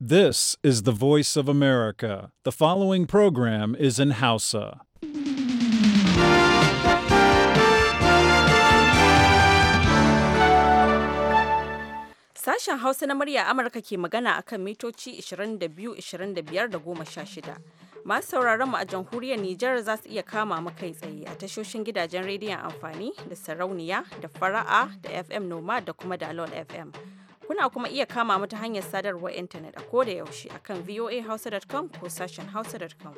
This is the voice of America. The following program is in Hausa. Sashen Hausa na murya Amurka ke magana akan mitoci 22, 25 da 16. Masu sauraron mu a jamhuriyar Nijar za su iya kama mu kai tsaye a tashoshin gidajen rediyon amfani da sarauniya da fara'a da FM Noma da kuma da Dalol FM. Kuna kuma iya kama mu ta hanyar sadarwar intanet a ko da yaushe akan voahausa.com ko sashen hausa.com.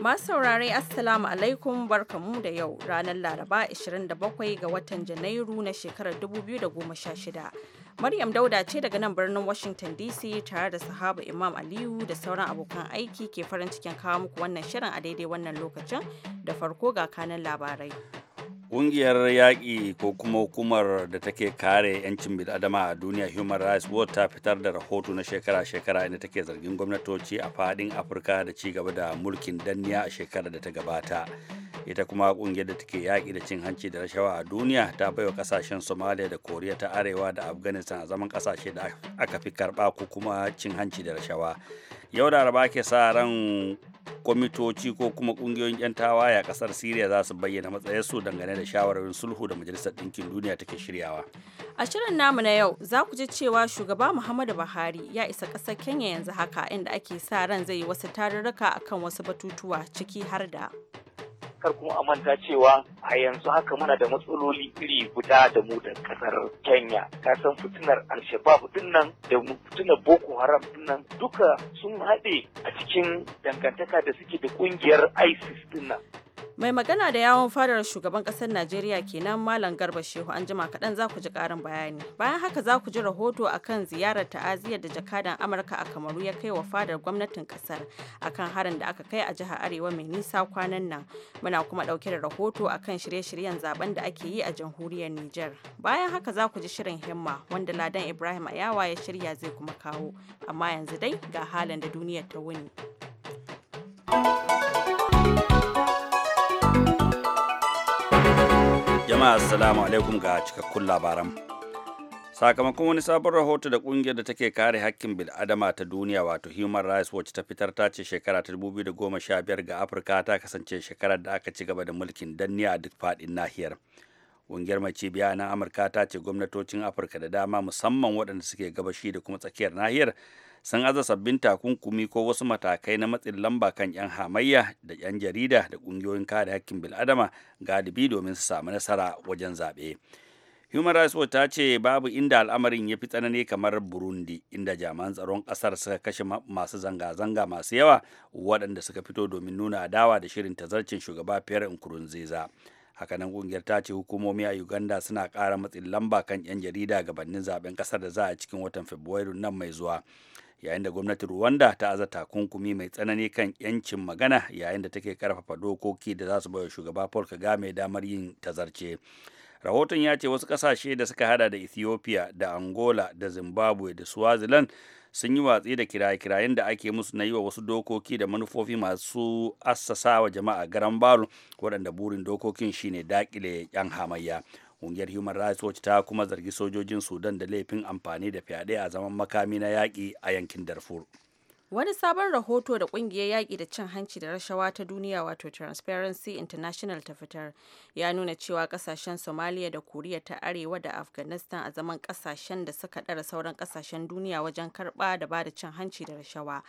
Masu saurare Assalamu alaikum barkamu da yau ranar Laraba 27 ga watan Janairu na shekarar 2016. Maryam Dauda ce daga nan birnin Washington DC tare da sahaba Imam Aliyu da sauran abokan aiki ke farin cikin kawo muku wannan shirin a daidai wannan lokacin da farko ga kanan labarai. Ƙungiyar yaƙi ko kuma hukumar da take kare 'yancin bil'adama a duniya Human Rights Watch ta fitar da rahoto na shekara-shekara inda take zargin gwamnatoci a faɗin Afirka da ci gaba da mulkin danniya a shekarar da ta gabata. Ita kuma ƙungiyar da take yaƙi da cin hanci da rashawa a duniya ta baiwa ƙasashen Somalia da Koriya ta Arewa da Afghanistan a zaman ƙasashe da aka fi karɓa ko kuma cin hanci da rashawa. Yau da Laraba ke sa ran kwamitoci ko kuma kungiyoyin 'yan tawaya kasar siriya za su bayyana matsayarsu dangane da shawararin sulhu da majalisar ɗinkin duniya take shiryawa a shirin namu na yau za ku ji cewa shugaba muhammadu buhari ya isa ƙasar kenya yanzu haka inda ake sa ran zai yi wasu tarurruka akan wasu batutuwa ciki har da kar kuma a manta cewa a yanzu haka muna da matsaloli iri guda da mu da kasar Kenya ka san fitinar al din dinnan da fitinar Boko Haram dinnan duka sun haɗe a cikin dangantaka da suke da ƙungiyar ISIS dinnan Mai magana da yawon fadar shugaban kasar Najeriya kenan Malam Garba Shehu an jima kaɗan za ku ji ƙarin bayani. Bayan haka za ku ji rahoto akan ziyarar ta'aziyar da jakadan Amurka a Kamaru ya kai wa fadar gwamnatin kasar akan harin da aka kai a jihar Arewa mai nisa kwanan nan. Muna kuma ɗauke da rahoto akan shirye-shiryen zaben da ake yi a jamhuriyar Nijar. Bayan haka za ku ji shirin himma wanda Ladan Ibrahim Ayawa ya shirya zai kuma kawo. Amma yanzu dai ga halin da duniya ta wuni. jama'a assalamu alaikum ga cikakkun labaran sakamakon wani sabon rahoto da kungiyar da take kare hakkin bil'adama ta duniya wato human rights watch ta fitar ta ce shekara ta 2015 ga afirka ta kasance shekarar da aka ci gaba da mulkin danniya a duk faɗin nahiyar ƙungiyar mai cibiya na amurka ta ce gwamnatocin afirka da dama musamman waɗanda suke gabashi da kuma tsakiyar nahiyar sun aza sabbin takunkumi ko wasu matakai na matsin lamba kan 'yan hamayya da 'yan jarida da ƙungiyoyin kare hakkin bil'adama galibi domin su samu nasara wajen zaɓe. human rights watch ta ce babu inda al'amarin ya fi tsanani kamar burundi inda jami'an tsaron ƙasar suka kashe masu zanga-zanga masu yawa waɗanda suka fito domin nuna adawa da shirin tazarcin shugaba pierre nkurunziza. hakanan kungiyar ta ce hukumomi a uganda suna kara matsin lamba kan 'yan jarida gabanin zaben kasar da za a cikin watan fabrairu nan mai zuwa yayin da gwamnatin rwanda ta aza takunkumi mai tsanani kan 'yancin magana yayin da take karfafa dokoki da za su baiwa shugaba paul kagame damar yin tazarce rahoton ya ce wasu kasashe da suka hada da ethiopia da angola da zimbabwe da swaziland sun yi watsi da kiraye-kirayen da ake musu na yi wa wasu dokoki da manufofi masu assasa wa jama'a garan barun waɗanda burin dokokin shine dakile 'yan hamayya ƙungiyar human rights watch ta kuma zargi sojojin sudan da laifin amfani da fyaɗe a zaman makami na yaƙi a yankin darfur Wani sabon rahoto da kungiyar yaƙi da cin hanci da rashawa ta duniya wato Transparency International ta fitar ya nuna cewa kasashen Somalia da Koriya ta Arewa da Afghanistan a zaman kasashen da suka ɗara sauran kasashen duniya wajen karɓa da bada cin hanci da rashawa.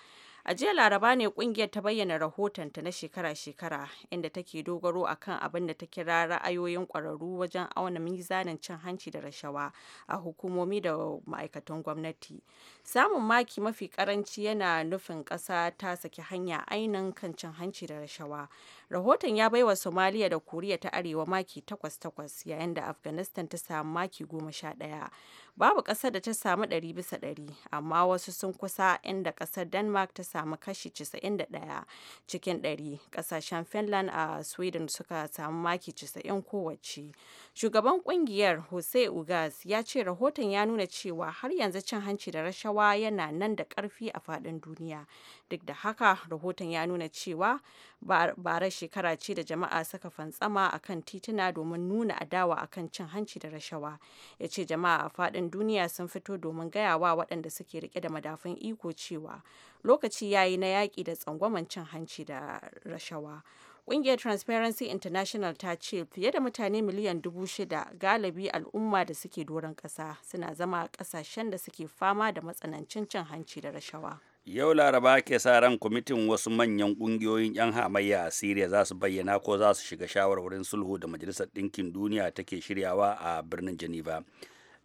A jiya Laraba ne kungiyar ta bayyana rahotonta na shekara-shekara inda take dogaro akan abin da ta kira ra'ayoyin kwararru wajen auna mizanin cin hanci da rashawa a hukumomi da ma'aikatan gwamnati. Samun maki mafi karanci yana nufin ƙasa ta saki hanya ainihin kan cin hanci da rashawa. Rahoton ya baiwa Somalia da Koriya ta Arewa maki takwas 8 yayin da Afghanistan ta samu maki goma sha 11. Babu ƙasar da ta samu 100 bisa 100, amma wasu sun kusa inda ƙasar Denmark ta samu kashi da 91 cikin 100. Ƙasashen Finland a Sweden suka samu maki 90 kowace. Shugaban kungiyar hose Ugas ya ce rahoton ya nuna cewa har yanzu cin hanci da rashawa yana nan da ƙarfi a faɗin duniya. Duk da haka, rahoton ya nuna cewa ba rashin shekara ce da jama'a saka fantsama a kan tituna domin nuna adawa a kan cin hanci da rashawa. Ya ce jama'a a fadin duniya sun fito domin gaya wa waɗanda suke rike da madafun iko cewa lokaci ya yi na yaƙi da tsangwaman cin hanci da rashawa. Ƙungiyar Transparency International ta ce fiye da mutane miliyan dubu shida galibi al'umma da suke doron ƙasa suna zama a ƙasashen da suke fama da matsanancin cin hanci da rashawa. yau laraba ke sa ran kwamitin wasu manyan ƙungiyoyin 'yan hamayya a siriya za su bayyana ko za su shiga shawarwarin sulhu da majalisar ɗinkin duniya take shiryawa a birnin geneva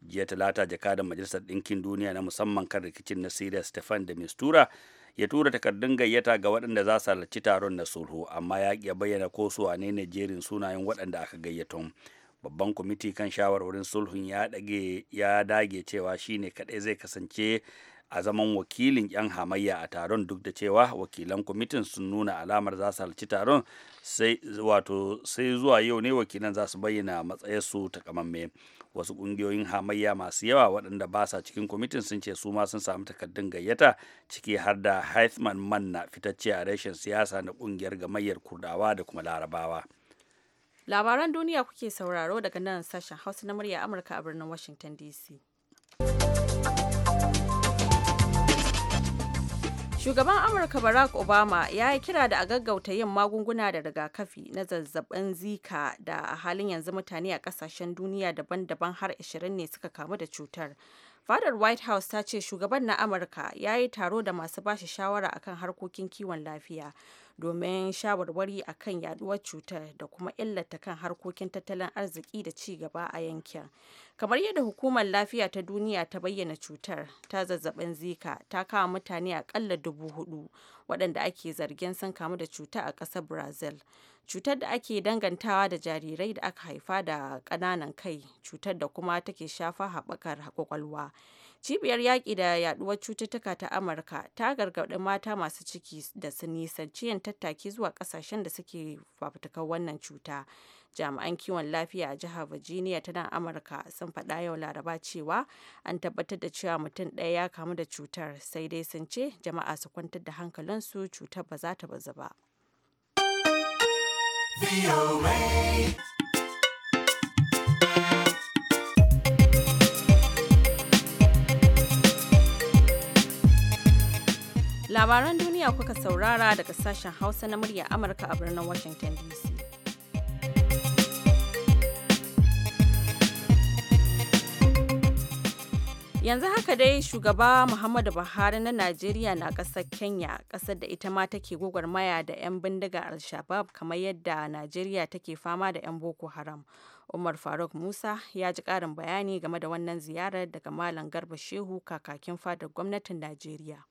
jiya talata jaka da majalisar ɗinkin duniya na musamman kan rikicin na siriya stefan da mistura ya tura takardun gayyata ga waɗanda za su halarci taron na sulhu amma ya ƙi bayyana ko su wane ne jerin sunayen waɗanda aka gayyato babban kwamiti kan shawarwarin sulhun ya dage cewa shine kaɗai zai kasance a zaman wakilin 'yan hamayya a taron duk da cewa wakilan kwamitin sun nuna alamar za su halci taron sai wato sai zuwa yau ne wakilan za su bayyana matsayarsu takamaiman wasu kungiyoyin hamayya masu yawa waɗanda ba sa cikin kwamitin sun ce su ma sun samu takardun gayyata ciki har da man Manna fitacce a reshen siyasa na kungiyar gamayyar Kurdawa da kuma Larabawa. Labaran duniya kuke sauraro daga nan sashen Hausa na murya Amurka a birnin Washington DC. Shugaban Amurka Barack Obama ya yi kira da a gaggauta yin magunguna da rigakafi na zazzaɓin Zika da a halin yanzu mutane a ƙasashen duniya daban-daban har 20 ne suka kamu da cutar. Fadar White House ta ce shugaban na Amurka ya yi taro da masu bashi shawara akan harkokin kiwon lafiya domin shawarwari akan yaduwar cutar da kuma illata kan harkokin tattalin arziki da ci gaba a yankin. Kamar yadda hukumar lafiya ta duniya ta bayyana cutar ta zazzabin zika ta kama mutane akalla dubu hudu waɗanda ake zargin sun kamu da cuta a ƙasar Brazil. Cutar da ake dangantawa da jarirai da aka haifa da ƙananan kai, cutar da kuma take shafa haɓakar kwakwalwa. Cibiyar yaƙi da yaduwar cututtuka ta Amurka ta gargaɗi mata masu ciki da su nisanci yin tattaki zuwa ƙasashen da suke fafutukar wannan cuta. Jami'an kiwon lafiya a jihar Virginia ta nan Amurka sun faɗa yau Laraba cewa an tabbatar da cewa mutum ɗaya ya kamu da cutar sai dai sun ce jama'a su kwantar da hankalinsu cutar ba za ta bazu ba. Labaran duniya kuka saurara daga sashen Hausa na murya Amurka a birnin Washington DC. yanzu haka dai shugaba muhammadu buhari na najeriya na ƙasar kenya ƙasar da ita ma take gwagwarmaya da 'yan bindiga al-shabab kamar yadda najeriya take fama da 'yan boko haram umar faruk musa ya ji ƙarin bayani game da wannan ziyarar daga malam garba shehu kakakin fadar gwamnatin najeriya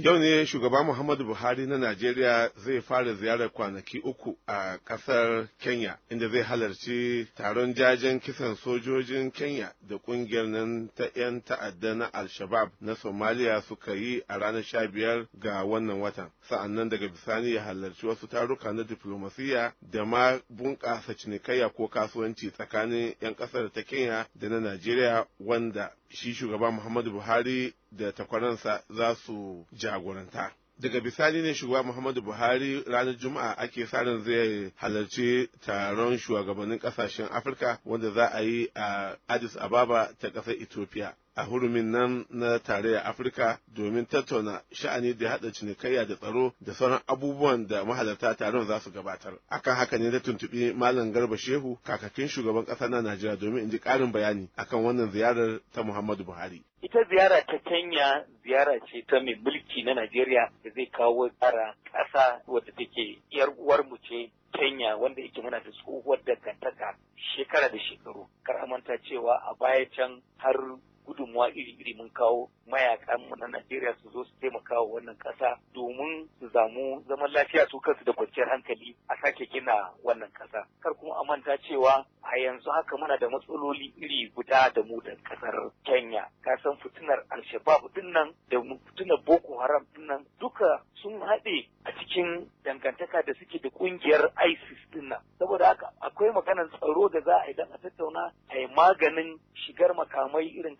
Yau ne shugaba Muhammadu Buhari na Najeriya zai fara ziyarar kwanaki uku a ƙasar Kenya, inda zai halarci taron jajen kisan sojojin Kenya da ƙungiyar nan ta 'yan ta'adda na al shabab na Somalia suka yi a ranar sha biyar ga wannan watan. Sa'an nan daga bisani ya halarci wasu taruka na diflomasiyya da ma bunƙasa cinikayya ko kasuwanci tsakanin 'yan ƙasar ta Kenya da na Najeriya wanda shi shugaba Muhammadu Buhari da takwaransa za su jagoranta. daga bisani ne shugaba muhammadu buhari ranar juma'a ake sa ran zai halarci taron shugabannin kasashen afirka wanda za a yi a addis ababa ta ƙasar ethiopia a hurumin nan na tarayyar Afirka domin tattauna sha'ani da haɗa cinikayya da tsaro da sauran abubuwan da mahalarta taron za su gabatar. Akan haka ne na tuntuɓi Malam Garba Shehu kakakin shugaban ƙasa na Najeriya domin in ji ƙarin bayani akan wannan ziyarar ta Muhammadu Buhari. Ita ziyara ta Kenya ziyara ce ta mai mulki na Najeriya da zai kawo tsara ƙasa wadda take ‘yar uwarmu ce Kenya wanda yake muna da tsohuwar dangantaka shekara da shekaru. Kar a manta cewa a baya can har gudunmuwa iri-iri mun kawo mayakan na Najeriya su zo su taimaka wa wannan ƙasa domin su zamu zaman lafiya su kansu da kwanciyar hankali a sake gina wannan ƙasa. Kar kuma a manta cewa a yanzu haka muna da matsaloli iri guda da mu da kasar Kenya Ka san fitinar Al-Shabaab dinnan da fitinar Boko Haram dinnan duka sun haɗe a cikin dangantaka da suke da kungiyar ISIS dinnan saboda haka akwai maganar tsaro da za a yi don a tattauna a yi maganin shigar makamai irin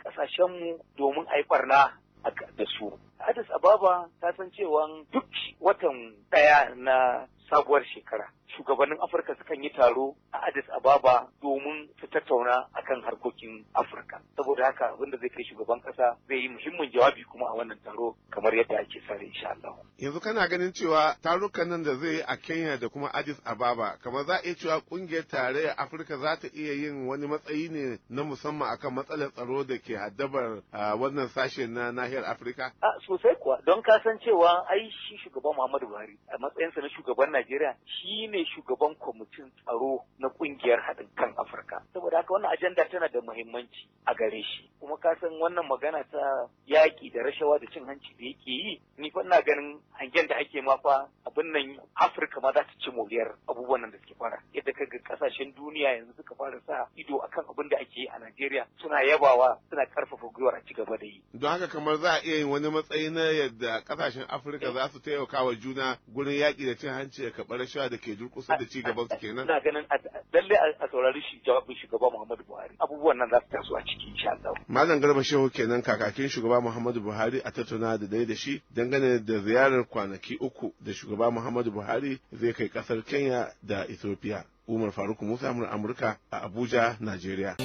mu domin a yi barna da su. Addis Ababa ta san cewa duk watan ɗaya na sabuwar shekara. Shugabannin Afirka sukan yi taro a Addis Ababa domin su tattauna akan harkokin Afirka. Saboda haka abin zai kai shugaban kasa zai yi muhimmin jawabi kuma a wannan taro kamar yadda ake sare insha Allah. Yanzu kana ganin cewa tarukan nan da zai yi a Kenya da kuma Addis Ababa kamar za a iya cewa kungiyar tarayyar Afirka za ta iya yin wani matsayi ne na musamman akan matsalar tsaro da ke haddabar wannan sashe na nahiyar Afirka? A sosai kuwa don cewa ai shi shugaban Muhammadu Buhari a matsayinsa na shugaban Najeriya shi ne shugaban kwamitin tsaro na kungiyar haɗin kan Afirka. Saboda haka wannan ajanda tana da muhimmanci a gare shi. Kuma ka san wannan magana ta yaƙi da rashawa da cin hanci da yake yi, ni fa ina ganin hangen da ake ma fa abin nan Afirka ma za ta ci moriyar abubuwan nan da suke fara. Yadda ka ga ƙasashen duniya yanzu suka fara sa ido a kan abin da ake yi a Najeriya suna yabawa suna ƙarfafa gwiwar a ci gaba da yi. Don haka kamar za a iya yin wani matsayi na yadda ƙasashen Afirka za su taimaka wa juna gurin yaƙi da cin hanci ya karɓar rashawa da ke durƙusa da ci gaban su kenan ina ganin lalle a saurari shi jawabin shugaba Muhammadu Buhari abubuwan nan za su taso a ciki insha Allah Malam Garba Shehu kenan kakakin shugaba Muhammadu Buhari a tattauna da dai da shi dangane da ziyarar kwanaki uku da shugaba Muhammadu Buhari zai kai kasar Kenya da Ethiopia Umar Faruk Musa Amurka a Abuja Najeriya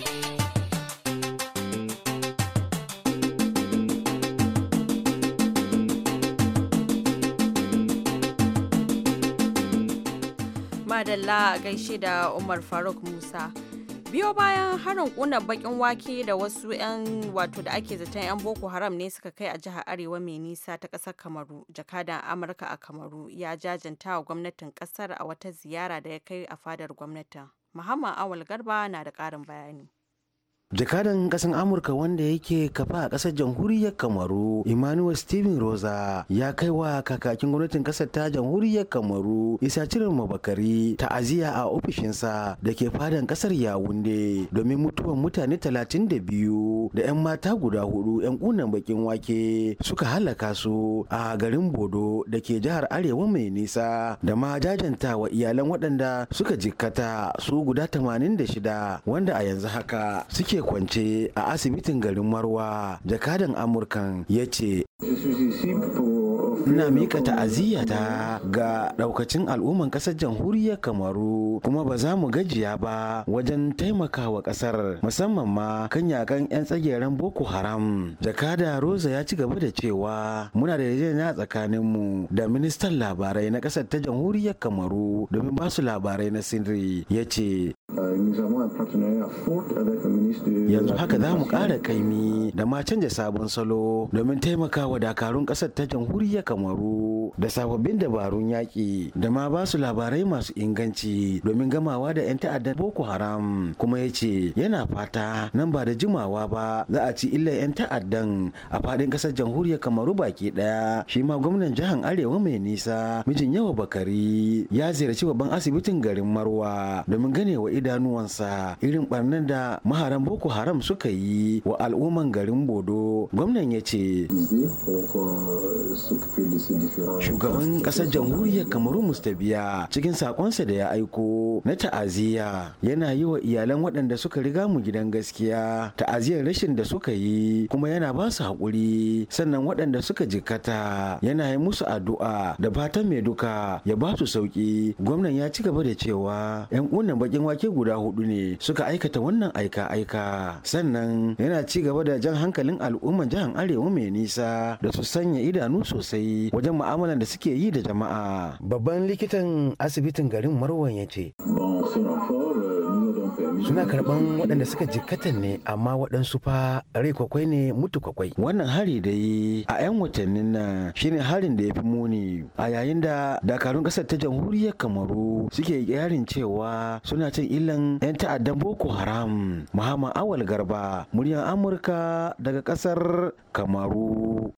a gaishe da umar faruk musa biyo bayan harin kuna bakin wake da wasu 'yan wato da ake zaton 'yan boko haram ne suka kai a jihar arewa mai nisa ta kasar kamaru jakadan amurka a kamaru ya jajanta wa gwamnatin kasar a wata ziyara da ya kai a fadar gwamnatin muhammad awal garba na da karin bayani jakadan kasan amurka wanda yake kafa a kasar jamhuriyar kamaru emmanuel steven rosa ya kai wa kakakin gwamnatin kasar ta jamhuriyar kamaru isa cire mabakari ta'aziyya a ofishinsa da ke fadan kasar yawunde domin mutuwan mutane 32 da 'yan mata guda hudu 'yan kunan bakin wake suka halaka su a garin bodo da ke jihar arewa mai nisa da ma jajanta wa iyalan waɗanda suka jikkata su guda 86 wanda a yanzu haka suke kwance a asibitin garin Marwa jakadan Amurkan ya ce ina mika ta ga daukacin al'umman kasar jamhuriyar kamaru kuma ba za mu gajiya ba wajen taimakawa kasar musamman ma kan yakan 'yan tsageren boko haram jakada rosa ya ci gaba da cewa muna da yarjejeniya tsakanin mu da ministan labarai na kasar ta jamhuriyar kamaru domin ba su labarai na sirri ya ce yanzu haka za mu ƙara kaimi da ma canja sabon salo domin taimakawa dakarun ƙasar ta jamhuriyar kamaru da sababbin dabarun yaƙi da ma ba su labarai masu inganci domin gamawa da 'yan ta'addar boko haram kuma ya ce yana fata nan ba da jimawa ba za a ci illar 'yan ta'addan a faɗin ƙasar jamhuriyar kamaru baki ɗaya shi ma gwamnan jihar arewa mai nisa mijin yawa bakari ya ziyarci babban asibitin garin marwa domin gane wa idanuwansa irin ɓarnar da maharan boko haram suka yi wa al'umman garin bodo gwamnan ya ce Shugaban ƙasar jamhuriyar Kamaru Mustabiya cikin sakonsa da ya aiko na ta'aziyya yana yi wa iyalan waɗanda suka riga mu gidan gaskiya ta'aziyyar rashin da suka yi kuma yana ba su haƙuri sannan waɗanda suka jikkata yana yi musu addu'a da bata mai duka ya ba su sauƙi gwamnan ya ci gaba da cewa 'yan ƙunan bakin wake guda hudu ne suka aikata wannan aika-aika sannan yana ci gaba da jan hankalin al'umman jihar arewa mai nisa da su sanya idanu sosai yi wajen mu'amalar da suke yi da jama'a babban likitan asibitin garin marwan ya ce suna karban waɗanda suka jikatan ne amma waɗansu fa rai kwakwai ne mutu kwakwai wannan hari da yi a 'yan watannin nan shine harin da ya fi muni a yayin da dakarun ƙasar ta jamhuriyar kamaru suke yarin cewa suna cin illan 'yan ta'addan boko haram muhammad awal garba muryar amurka daga ƙasar kamaru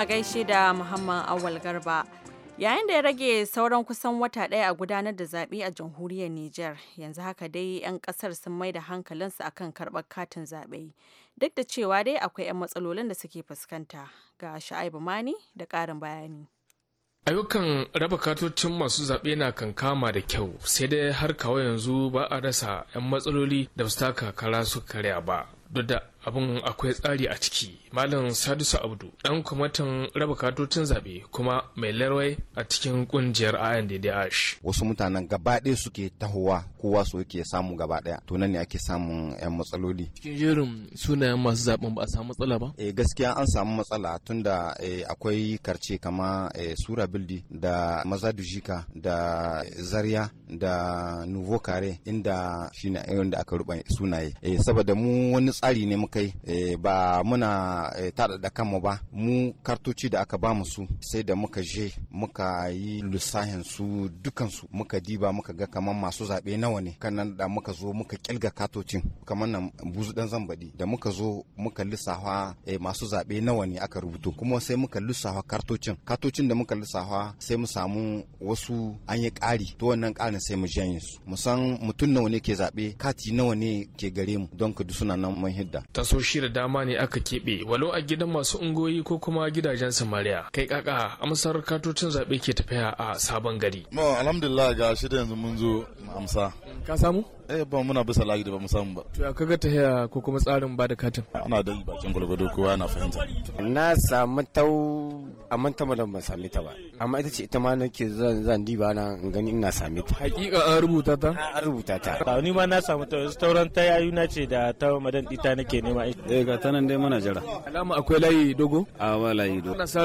a gaishe da Muhammad Awal Garba. Yayin da ya rage sauran kusan wata ɗaya a gudanar da zaɓe a jamhuriyar Nijar, yanzu haka dai 'yan ƙasar sun mai da hankalinsu akan karɓar katin zaɓe. Duk da cewa dai akwai 'yan matsalolin da suke fuskanta. Ga Sha'aibu Mani da ƙarin bayani. ayyukan raba katocin masu zaɓe na kankama da kyau sai dai har kawo yanzu ba a rasa 'yan matsaloli da su taka kara su karya ba duk da abin akwai tsari a ciki malam sadisu abdu ɗan kwamitin raba katocin zabe kuma mai larwai a cikin kungiyar indh wasu mutanen gaba ɗaya suke tahowa kowa su yake samu gaba ɗaya to nan ne ake samun yan matsaloli cikin jerin sunayen masu zaben ba a samu matsala ba eh gaskiya an samu matsala tunda eh, akwai karce kama eh, sura bildi da maza dujika da zarya da nuvo kare inda shine inda eh, aka ruba sunaye saboda mu wani tsari ne kai eh, ba muna eh, taɗaɗa kanmu ba mu kartoci da aka mu su sai da muka je muka yi lissahin su dukansu muka diba muka ga kamar masu zaɓe nawa ne kan nan da muka zo muka kilga katocin kamar nan buzu dan zambaɗi da muka zo muka lissafa eh, masu zaɓe nawa ne aka rubuto kuma sai muka lissafa kartocin katocin da muka lissafa sai mu samu wasu an yi ƙari to wannan ƙarin sai mu janye su mu san mutum nawa ne ke zaɓe kati nawa ne ke gare mu don ka suna nan mun hidda tasoshi da dama ne aka keɓe walau a gidan masu ungoyi ko kuma gidajen samariya kai kaka amsar katocin zaɓe ke tafiya a sabon gari. alhamdulillah ga shi da yanzu mun zo amsa. ka samu? eh ba muna bisa lagi da ba musamman samu ba to ya kaga haya ko kuma tsarin ba da katin ana da bakin gwargwado kowa na fahimta na samu tau amma ta madan ban same ta ba amma ita ce ita ma nake zan zan diba na in gani ina same ta hakika an rubuta ta an rubuta ta ba ni ma na samu ta tauran ta na ce da ta madan dita nake nema eh ga ta nan dai muna jira alama akwai layi dogo a ba layi dogo ana sa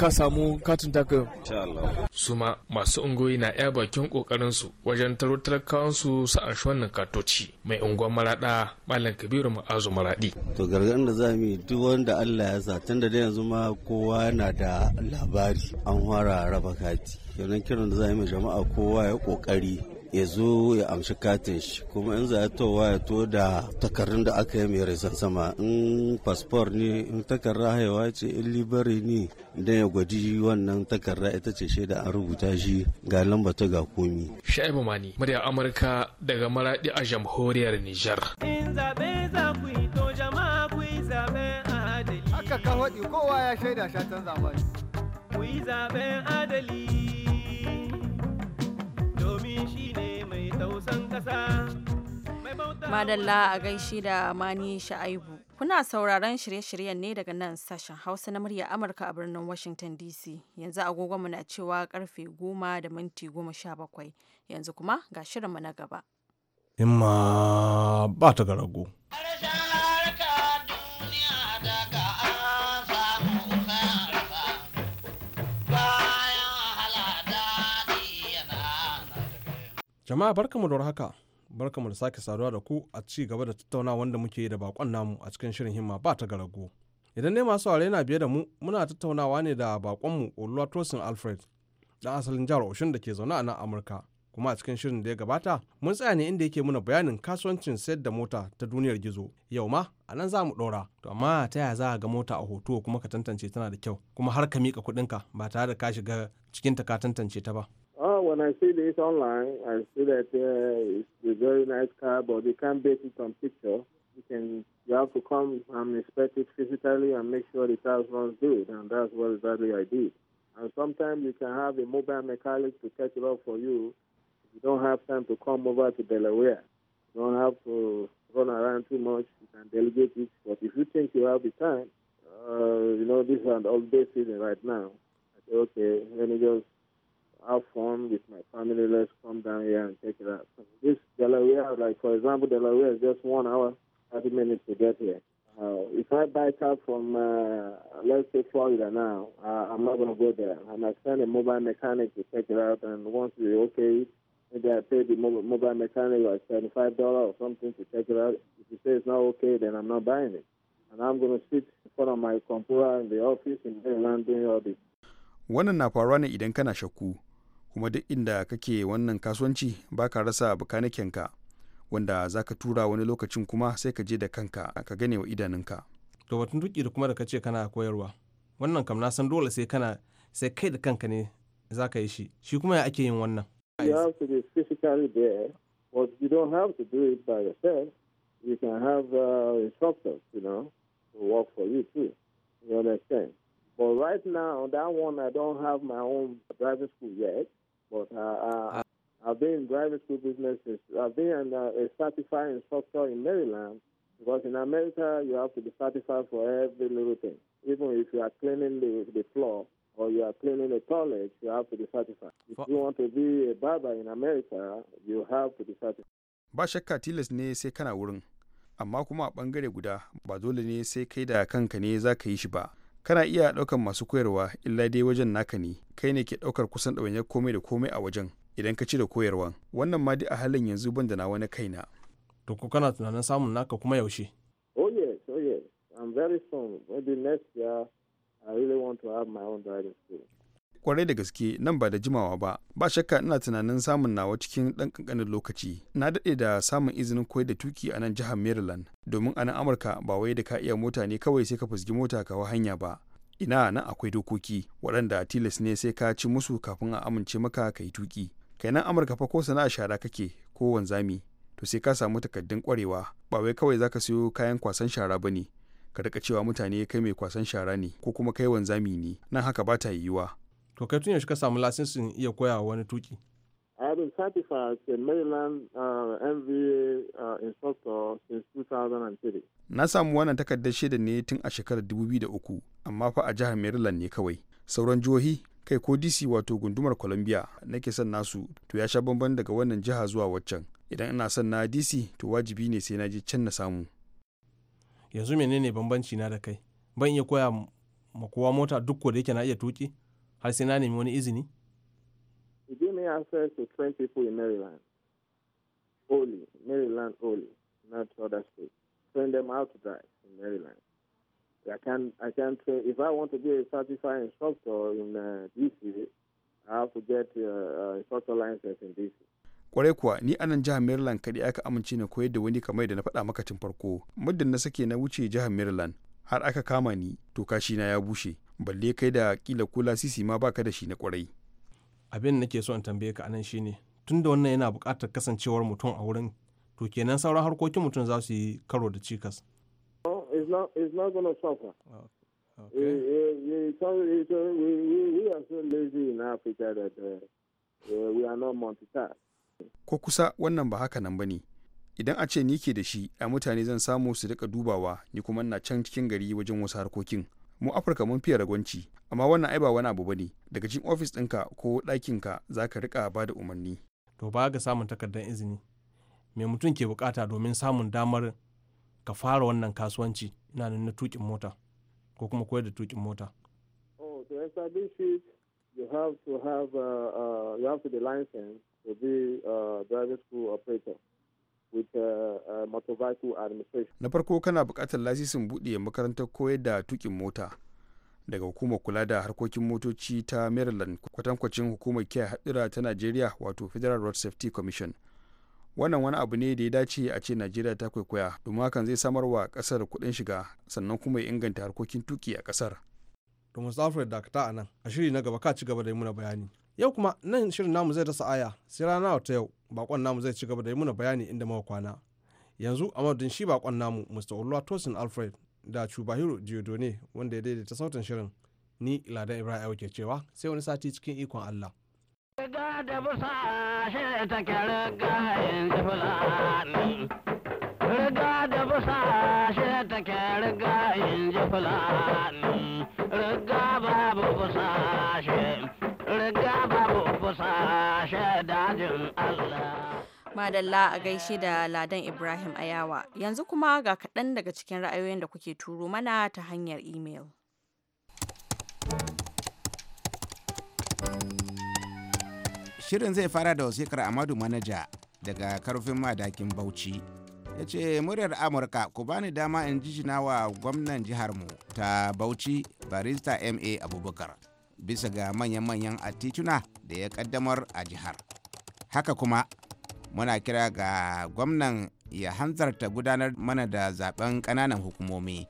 ka samu katin ta ka? insha Allah su ma masu ungoyi na iya bakin kokarin su wajen taro talakawan su su wannan kwanan katoci mai unguwar maraɗa malam kabiru azu maradi to gargaɗin da za mu yi duk wanda allah ya sa tun da yanzu ma kowa na da labari an fara raba kati yanan kiran da za mu jama'a kowa ya kokari ya zo ya amshi katin shi kuma in za towa ya to da takardun da aka yi mai resan sama in fasfor ne in takarra haihuwa ce in libari ne da ya gwaji wannan takarra ita ce shaida an rubuta shi ga lamba ta ga komi. Sha'ibu Mani, murya Amurka daga Maradi a jamhuriyar Nijar. Aka kan waɗi kowa ya shaida shatan zamani. Ku yi zaben adali. Madalla a gaishe da Mani Sha'aibu. Kuna sauraron shirye-shiryen ne daga nan sashen Hausa na murya Amurka a birnin Washington DC. Yanzu agogonmu na cewa karfe goma da minti goma sha bakwai. Yanzu kuma ga shirinmu na gaba. Imma ba ta garago. Jama'a barkamu da haka barkamu da sake saduwa da ku a ci gaba da tattaunawa wanda muke yi da bakon namu a cikin shirin himma ba ta garago. Idan ne masu aure na biye da mu muna tattaunawa ne da bakonmu tosin Alfred dan asalin jihar Oshun da ke zaune a nan Amurka. Kuma a cikin shirin da ya gabata mun tsaya ne inda yake muna bayanin kasuwancin sayar da mota ta duniyar gizo. Yau ma a nan za mu ɗora. To amma ta yaya za a ga mota a hoto kuma ka tantance tana da kyau kuma har ka miƙa kuɗinka ba tare da ka shiga cikinta ka tantance ta ba. when I see this online, I see that uh, it's a very nice car, but you can't base it on picture. You can you have to come and inspect it physically and make sure the car runs good, and that's what exactly I did. And sometimes you can have a mobile mechanic to catch it up for you. You don't have time to come over to Delaware. You don't have to run around too much. You can delegate it. But if you think you have the time, uh, you know, this is an all-day season right now. I say, okay, let me just have fun with my family. Let's come down here and check it out. So this Delaware, like for example, Delaware is just one hour, 30 minutes to get here. Uh, if I buy car from, uh, let's say, Florida now, uh, I'm not going to go there. I to send a mobile mechanic to check it out, and once it's okay, maybe I pay the mobile mechanic like $75 or something to check it out. If he says it's not okay, then I'm not buying it. And I'm going to sit in front of my computer in the office in Maryland doing all this. Wannan na faruwa ne idan kana shakku kuma duk inda kake wannan kasuwanci baka rasa bakanikenka wanda za ka tura wani lokacin kuma sai ka je da kanka ka gane wa idanunka to batun duki da kuma da kace kana koyarwa wannan kam na san dole sai kana sai kai da kanka ne za ka yi shi shi kuma ya ake yin wannan you have to be physically there but you don't have to do it by yourself you can have uh, instructors you know to work for you too you understand but right now that one i don't have my own driving school yet But uh, uh, uh, I've been in graduate school business. I've been in uh, a certified instructor in Maryland because in America you have to be certified for every little thing. Even if you are cleaning the, the floor or you are cleaning a toilet, you have to be certified. If you want to be a barber in America, you have to be certified. Ba shakka tilas ne sai kana wurin, amma kuma a ɓangare guda ba dole ne sai kai da kanka ne za ka yi shi ba. kana iya ɗaukan masu koyarwa illa dai wajen naka ne kai ne ke ɗaukar kusan ɗawainiyar komai da komai a wajen idan ka ci da koyarwan wannan ma dai a halin yanzu ban da nawa na kaina to ko kana tunanin samun naka kuma yaushe oh yes oh yes i'm very soon maybe next year i really want to have my own driving school kwarai da gaske nan ba da jimawa ba ba shakka ina tunanin samun nawa cikin ɗan ƙanƙanin lokaci na daɗe da samun izinin koyar da tuki a nan jihar maryland domin a nan amurka ba wai da ka iya mota ne kawai sai ka fusgi mota kawo hanya ba ina nan akwai dokoki waɗanda tilas ne sai ka ci musu kafin a amince maka ka yi tuki kai nan amurka fa ko sana'a shara kake ko wanzami to sai ka samu takaddun kwarewa ba wai kawai zaka siyo kayan kwasan shara ba ne ka daka cewa mutane kai mai kwasan shara ne ko kuma kai wanzami ne nan haka ba ta yiwuwa to kai tun yaushe ka samu lasisin iya koya wani tuki I been certified as a Maryland uh, MVA uh, instructor since 2003. Na samu wannan takardar shaida ne tun a shekarar 2003, amma fa a jihar Maryland ne kawai. Sauran jihohi kai ko DC wato gundumar Columbia nake son nasu to ya sha bamban daga wannan jiha zuwa waccan. Idan ina son na DC to wajibi ne sai na je can na samu. Yanzu menene bambanci na da kai? Ban iya koya ma kowa mota duk ko da yake na iya tuki? har sai na nemi wani izini? He gave me access to 20 people in Maryland, only, Maryland only, not other states. Train them how to drive in Maryland. I can I can train. If I want to be a certified instructor in uh, DC, I have to get uh, uh, instructor license in DC. kwarai kuwa ni a nan jihar maryland kaɗai aka amince na koyar da wani kamar da na faɗa maka tun farko muddin na sake na wuce jihar maryland har aka kama ni to kashina ya bushe balle kai da kila ko lasisi ma baka da shi na kwarai abin da nake so in tambaye ka anan shine tun da wannan yana buƙatar kasancewar mutum a wurin to kenan sauran harkokin mutum za su yi karo da cikas oh, uh, Ko kusa wannan ba haka nan ba ne, idan a ce ni ke da shi a mutane zan samu su rika dubawa ni kuma na can cikin gari wajen wasu harkokin mu afirka mun fiye ragwanci amma wannan ai ba wani abu bane daga cikin ofis ɗinka ko ɗakinka za ka rika ba da umarni to ba ga samun takardar izini me mutum ke bukata domin samun damar ka fara wannan kasuwanci ina nan na tukin mota ko kuma koyar da tukin mota oh to establish it you have to have uh, uh, you have to be licensed to be uh, driver school operator with uh, uh, administration. Na farko kana buƙatar lasisin buɗe makarantar koyar da tukin mota daga hukumar kula da harkokin motoci ta Maryland kwatankwacin hukumar kiyaye haɗura ta Najeriya wato Federal Road Safety Commission. Wannan wani abu ne da ya dace a ce Najeriya ta kwaikwaya domin hakan zai samar wa ƙasar kuɗin shiga sannan kuma ya inganta harkokin tuki a ƙasar. Domin Safra da a nan, a shiri na gaba ka ci gaba da yi muna bayani. Yau kuma nan shirin namu zai rasa aya sai rana ta yau bakon namu zai ci gaba da yi muna bayani inda muka kwana. Yanzu a madadin shi bakon namu Mr. Olua Tosin Alfred da Chubahiro Diodone wanda ya daidaita sautin shirin ni Ladan Ibrahim ke cewa sai wani sati cikin ikon Allah. Riga da busa shi ta kyara gayen fulani. Riga da busa shi ta kyara gayen fulani. Madalla a gaishe da Ladan Ibrahim Ayawa. Yanzu kuma ga kaɗan daga cikin ra'ayoyin da kuke turo mana ta hanyar imel. Shirin zai fara da wasikar Amadu Manaja daga karfin madakin Bauchi. ya ce muryar amurka ku bani dama in ji wa gwamnan jiharmu ta bauchi barista ma abubakar bisa ga manyan-manyan tituna da ya kaddamar a jihar haka kuma muna kira ga gwamnan ya hanzarta gudanar mana da zaben ƙananan hukumomi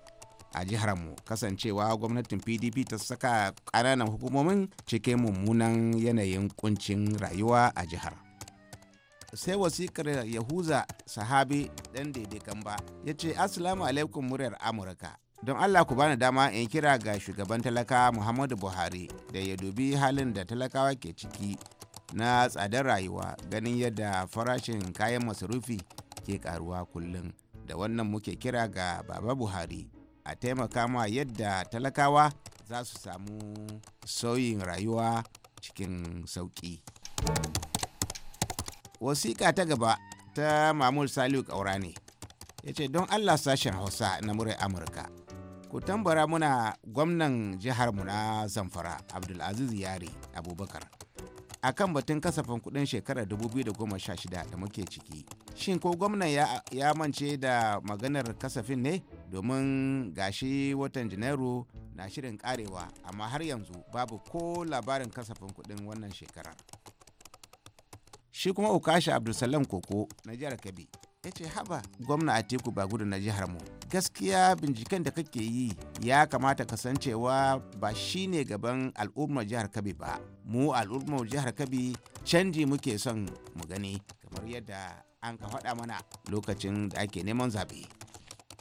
a jihar mu kasancewa gwamnatin pdp ta saka ƙananan hukumomin cike mummunan yanayin kuncin rayuwa a jihar sai wasikar yahuza sahabi ɗan daidaikan ba ya ce asalamu alaikum muryar amurka don allah ku bani dama in kira ga shugaban talaka muhammadu buhari da ya dubi halin da talakawa ke ciki na tsadar rayuwa ganin yadda farashin kayan masarufi ke karuwa kullum da wannan muke kira ga baba buhari a taimaka ma yadda talakawa za su samu sauyin rayuwa cikin sauƙi wasiƙa ta gaba ta mamul Salihu ƙaura ne ya ce don allah sashen hausa na murai amurka ku tambara muna gwamnan jiharmu na zamfara abdulaziz yari abubakar a kan batun kasafin kudin shekarar 2016 da muke ciki shin ko gwamnan ya mance da maganar kasafin ne domin gashi watan janairu na shirin karewa amma har yanzu babu ko labarin kasafin kudin wannan shekarar shi kuma ukashi abdulsalam koko na jihar kabi ya ce haba gwamna a teku ba gudu na jihar mu gaskiya binciken da kake yi ya kamata kasancewa ba shine gaban al'ummar jihar kabi ba mu al'ummar jihar kabi canji muke son mu gani kamar yadda an ka faɗa mana lokacin da ake neman zaɓe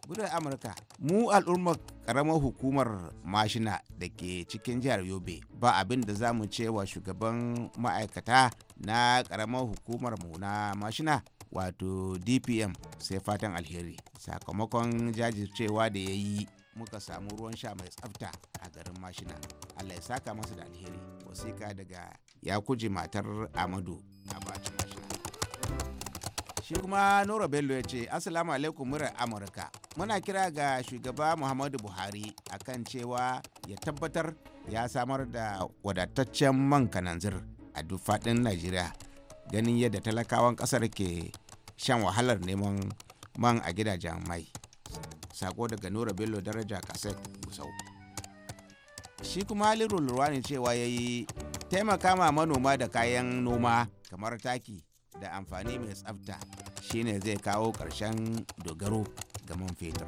gudun amurka mu al'ummar karamar hukumar mashina da ke cikin jihar yobe ba abin da za mu ce wa shugaban ma'aikata na karamar hukumar mu na mashina wato dpm sai fatan alheri sakamakon jajircewa da ya yi muka samu ruwan sha mai tsafta a garin mashina allah ya saka masa da alheri wasika daga ya kuji matar amadu a bacin mashina shi kuma nora bello ya ce assalamu alaikum murar amurka muna kira ga shugaba muhammadu buhari a kan cewa ya tabbatar ya samar da wadataccen man kananzir a duk faɗin najeriya ganin yadda talakawan ƙasar ke shan wahalar neman man a gidajen mai sako daga nura bello daraja kaset gusau shi kuma halirul ne cewa ya yi taimaka ma manoma da kayan noma kamar taki da amfani mai tsafta shine zai kawo ƙarshen dogaro ga man fetur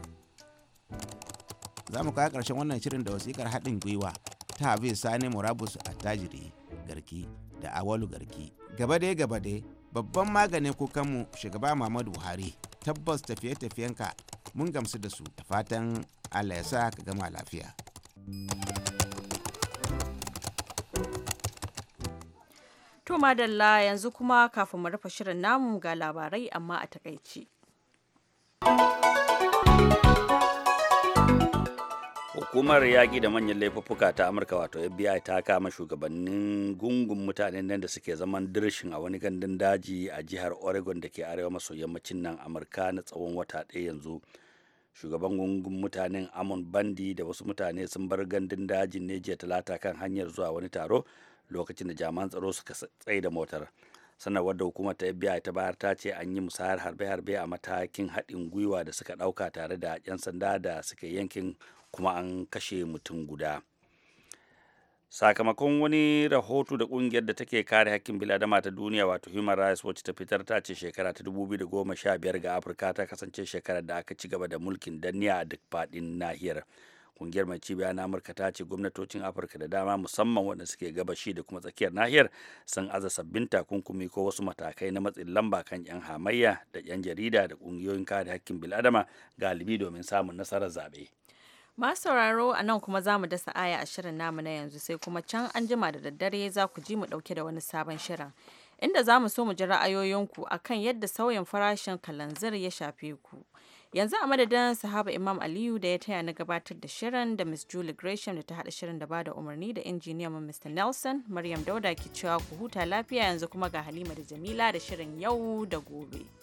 za mu kawo ƙarshen wannan shirin da wasikar haɗin gwiwa ta hafiz sani murabus attajiri garki da awalu garki gaba dai gaba dai babban maganin kukanmu shugaba muhammadu buhari tabbas tafiye-tafiyenka mun gamsu da su da fatan allah ya sa ka gama lafiya to madalla yanzu kuma kafin mu rufe shirin namu ga labarai amma a takaici. hukumar yaƙi da manyan laifuffuka ta amurka wato fbi ta kama shugabannin gungun mutanen nan da suke zaman dirshin a wani gandun daji a jihar oregon da ke arewa maso yammacin nan amurka na tsawon wata ɗaya yanzu shugaban gungun mutanen amon bandi da wasu mutane sun bar gandun dajin ne jiya talata kan hanyar zuwa wani taro lokacin da jaman tsaro suka tsaye da motar sanarwar da hukumar ta fbi ta bayar ta ce an yi musayar harbe-harbe a matakin haɗin gwiwa da suka ɗauka tare da 'yan sanda da suke yankin kuma an kashe mutum guda sakamakon wani rahoto da kungiyar da take kare hakkin biladama ta duniya wato human rights watch ta fitar ta ce shekara ta 2015 ga afirka ta kasance shekarar da aka ci gaba da mulkin danniya a duk faɗin nahiyar kungiyar mai cibiya na amurka ta ce gwamnatocin afirka da dama musamman wanda suke gabashi da kuma tsakiyar nahiyar sun aza sabbin takunkumi ko wasu matakai na matsin lamba kan 'yan hamayya da 'yan jarida da kungiyoyin kare hakkin biladama galibi domin samun nasarar zaɓe Masu sauraro a nan kuma za mu dasa aya a shirin namu na yanzu sai kuma can an jima da daddare za ku ji mu dauke da wani sabon shirin. Inda za mu so mu ji ra'ayoyinku a kan yadda sauyin farashin kalanzir ya shafe ku. Yanzu a madadin sahaba Imam Aliyu da ya taya na gabatar da shirin da Miss Julie Gresham da ta haɗa shirin da bada umarni da injiniyan Mr. Nelson, Maryam Dauda ke cewa ku huta lafiya yanzu kuma ga Halima da Jamila da shirin yau da gobe.